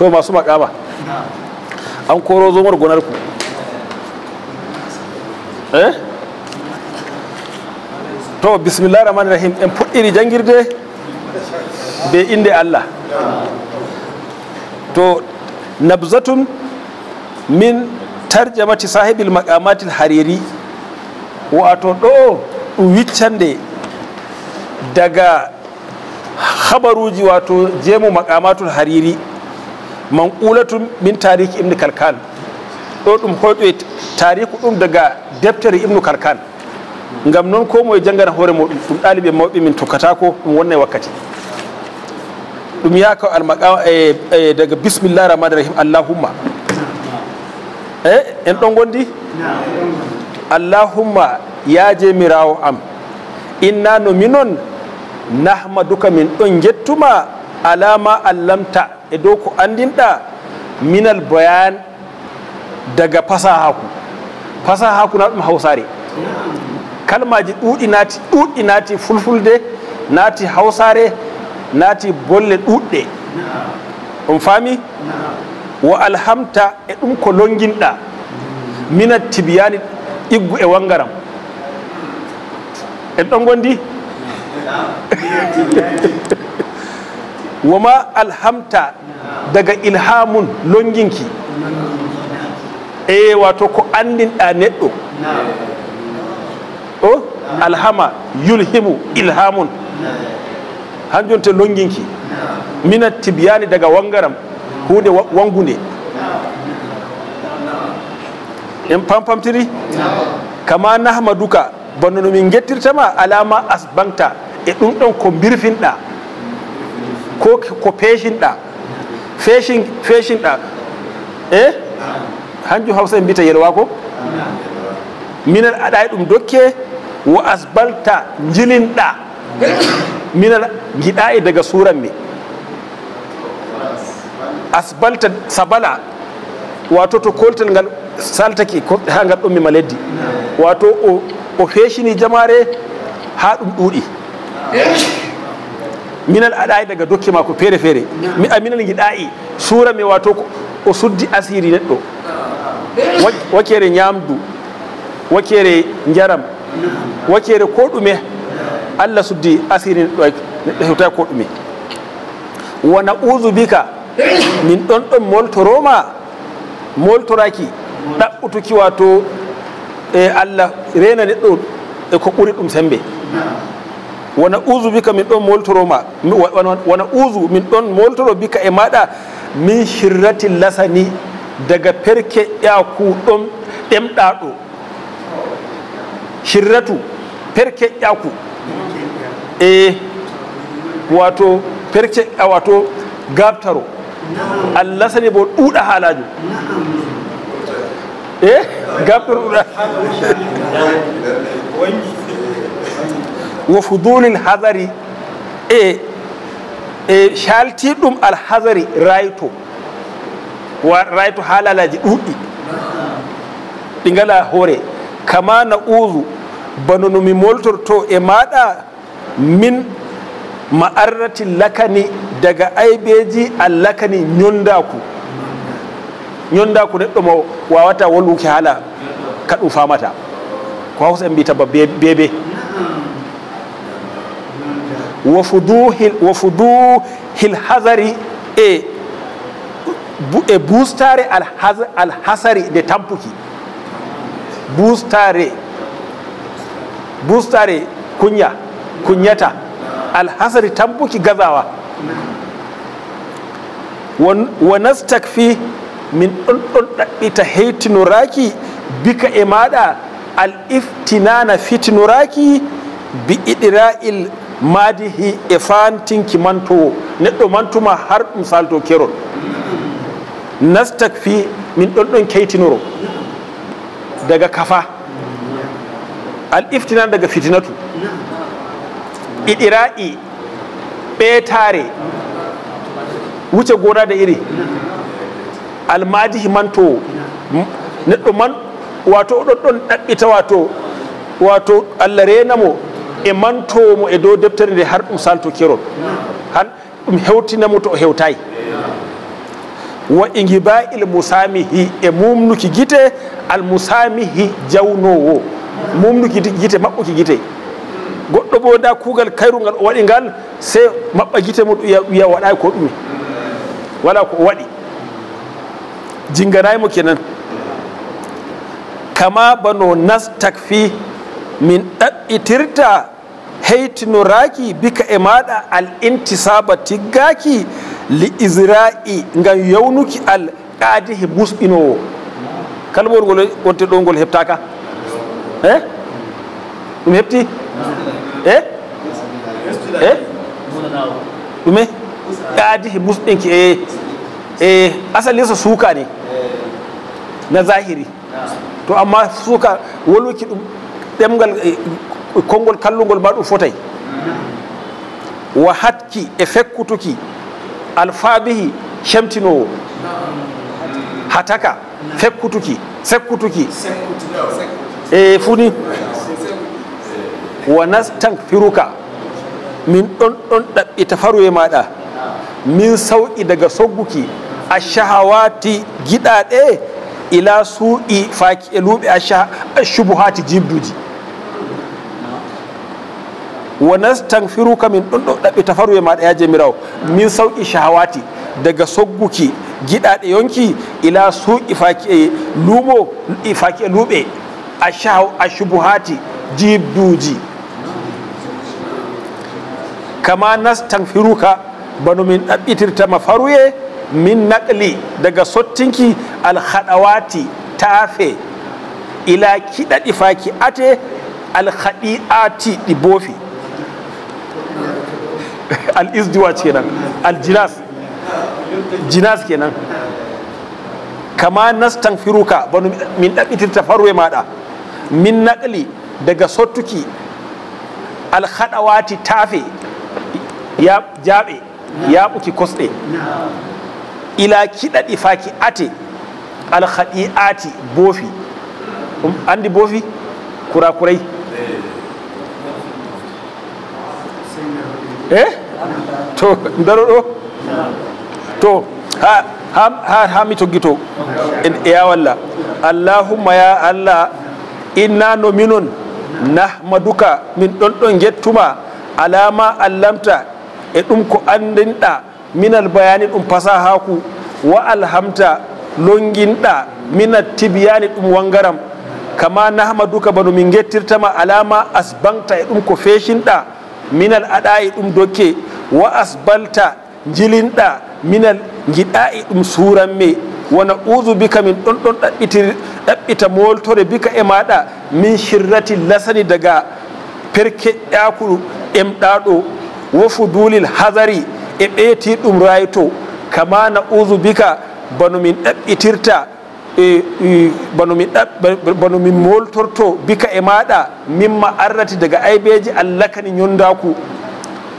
to masu makama an koro zomar gunar ku eh to bismillah rahman rahim en puɗɗiri jangirde be inde allah to nabzatun min tarjamati sahibil maqamatil hariri wato ɗo ɗum wiccande daga habaruji wato jemu maqamatul hariri manqulatun min tarikh ibn kalkan ɗo ɗum hoyɗoye tariku ɗum daga deftere ibnu kalkan ngam noon ko moye janngana hoore muɗum ɗum ɗaliɓe mawɓe min tokkatako ɗum wonna wakkati ɗum yaka almaqa e, e daga bismillah rahmani rahim allahumma e en ɗon gondi allahumma ya am inna no minon nahmaduka min ɗon jettuma alama allamta e ku ko andinɗa minal bayan daga Fasa haku na ɗum kalma kalmaji ɗuɗi nati ɗuɗi, nati fulfulde nati Hausare, nati bolle ɗuɗɗe on fami Wa alhamta e ɗum ko longinɗa mina tibiyani ɗiggu e wangaram en ɗan gondi wa ma alhamta daga ilhamun longinki eh wato ko andin da neɗɗo o oh, alhama yulhimu ilhamun hanjonte longinki mina tibiyani daga wangaram hude wangune. en pampamtiri kama nahmaduka banno min gettirtama alama asbanta e ɗum ɗon ko birfin ɗa. ko ko feshin da feshin feshin da eh hanju hausa in bita yelwa ko minal adai ɗum dokke wa asbalta da minal giɗa e daga suran me asbalta sabala wato to koltel ngal saltaki ha ngal dum mima leddi wato o feshini jamare ha ɗum ɗuuɗi eh? minen aɗa i daga dokki ma ko feere feere mi a minen giɗa i suura mi wato o suddi asiri neɗɗo wakkere ñamdu wakkere jaram wakkere ko ɗume allah suddi asiri neɗɗo neɗɗo hewtai ko ɗume wona uzubika min ɗon ɗon moltoroma moltoraki ɗaɓɓutuki wato e allah rena neɗɗo e ko ɓuri ɗum sembe Wana uzu bika min don moltoro ma wana uzu min don moltoro bika e maɗa min shirrati lasani daga perke don ɗon ɗemɗaɗo shirratu perke ku e wato perke wato gabtaro allasani bo ɗuɗa halaju. Eh gabtaro ɗuɗa wo fudulin hasari e e calti ɗum alhasari rayto wa rayto haalalaji ɗuɗɗi ɗi ngala hoore kama na uzu bano no mi moltorto e maɗa min ma arrati lakani daga aybeji allakani ñondaku ñondaku neɗɗo mo wawata wolluki haala ka ɗum famata ko hawsa en mbi taba bébé wa fuduhil hazari e e bustare alhasari da tampuki bustare bustare kunya kunyata alhasari tampuki gazawa wa nastakfi min ɗunɗun haiti nuraki bika imada e al iftinana fitinuraki bi idira'il madihi e fantinki mantowo neɗɗo mantuma har ɗum salto kerol fi min ɗon ɗon keytinoro daga kafa al iftinan daga fitinatu iɗira'i ɓeetare wuce gona da iri al madihi mantowo neɗɗo man wato oɗon ɗon ɗaɓɓita wato wato allah renamo e mantowomo e dow deftere nde har ɗum salto kerol han ɗum hewtinamo to o hewtayi wa igibail musamihi e mumnuki guite almusamihi jawnowo mumnuki guite maɓɓuki guite goɗɗo ɓoda kuugal kayrungal o waɗi ngal se maɓɓa guite mu ɗum wiya waɗai ko ɗumi wala ko o waɗi jingganayimo kenan kama bano nastak fi min ɗaɗɗitirta heitinuraki bika e maɗa al intisaba tiggaki li isra'i ngam yaunuki al qaadihi busɗinowo kalmawol ngol wonte ɗo ngol heɓtaka e eh? ɗum heɓti e eh? e eh? ɗume qaadihi busɗinki e e asali so suuka ne na zahiri to amma suuka woluki ɗum ɗemgal eh, konngol kallugol ma ɗum fotay wa hakki e fekkutuki alfabihi semtinowo hataka fekkutuki sekkutuki e eh, funi wa nastan firuka min ɗon ɗon ɗaɓɓita faruye maɗa min sawqi daga sogguki a shahawati giɗaɗe ila su'i faaki e luuɓe a shubuhati jibduji wa nastaghfiruka min ɗum ɗo ɗaɓɓe tafaru ma da yaje mirawo min sauƙi shahawati daga sogguki da yonki ila suƙi faki eh, lubo ifaki lube e ashubuhati jibduji kama nastaghfiruka bano min ɗaɓɓitirta mafaruye min naqli daga sottinki khadawati tafe ila kiɗaɗi faki ate alhaɗi'ati ɗi bofi al-izdiwaj kenan al-jinas jinas kenan kama nastan firuka, banu min dakitir tafarwe maɗa, min naqli daga sottuki alhadawati tafe ya jabe ya buki kosɗe ila kiɗaɗi faki ate alhadi'ati bofi um, andi bofi kurakurai eh to daroɗo to ha ha ha mi toggito e ya walla allahumma ya allah inna no minon duka min ɗon ɗon gettuma alama allamta e ɗum ko andinɗa minal bayani ɗum fasahaku wa alhamta longinɗa minal tibiyani ɗum wangaram kama nahmaduka bano min gettirtama alama asbanta e ɗum ko feshinɗa minal aɗa dum ɗum dokke wa asbalta jilinɗa minal gida'i dum suran me wona uzu bika min don ɗon dabbita moltore bika e maɗa min shirrati lasani daga perkeƴƴakuru emɗaɗo wo fudulil hazari e beti ɗum rayto kama na uzu bika banu min e, e banu min moltorto bika e maɗa mimma arrati daga aibeji allah kani yondaku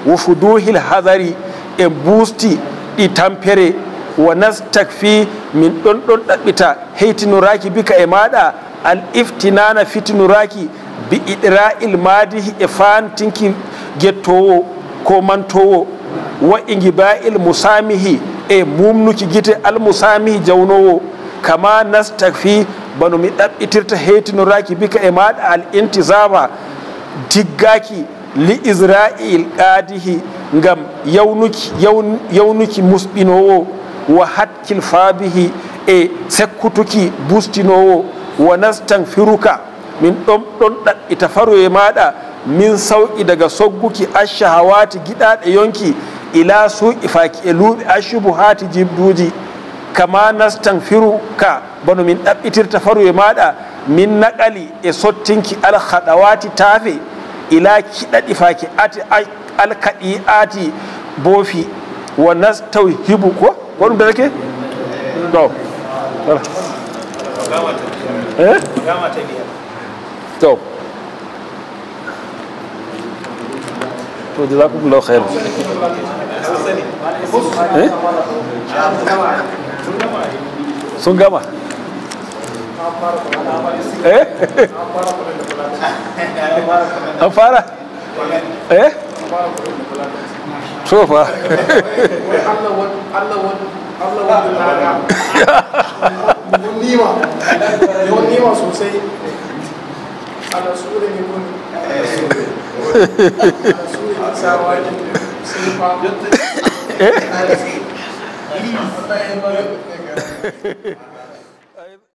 wa fuduhil hadari e busti ɗi tampere wa nastakfi min ɗon ɗon ɗaɓɓita heytinuraki bika e maɗa al iftinana fitinuraki bi idra'il madihi e fantinki gettowo ko mantowo wa ingiba'il musamihi e mumnuki gite al musamihi jawnowo kama nastakfi bano mi ɗaɓɓitirta heytinuraki bika e maɗa al intizaba diggaki li israil aadihi ngam yawnuki yawnuki musɓinowo wa hakkil faabihi e sekkutuki bustinowo wa nastanfiruka min ɗon ɗon ɗaɓɓita faroye maɗa min sawqi daga sogguki acca ha wati giɗaɗe yonki ila suuƴi faaki e luuɓe accubu haati jibduji kama nastanfiruka bano min ɗaɓɓitirta faroye maɗa min naqali e sottinki alhaɗawati taafe ila kiɗaɗi faki ati alkaɗi ati bofi wa nastauhibu ko ko wani da nake to to to da ku lo khair eh? sun gama eh an fara eh so fa eh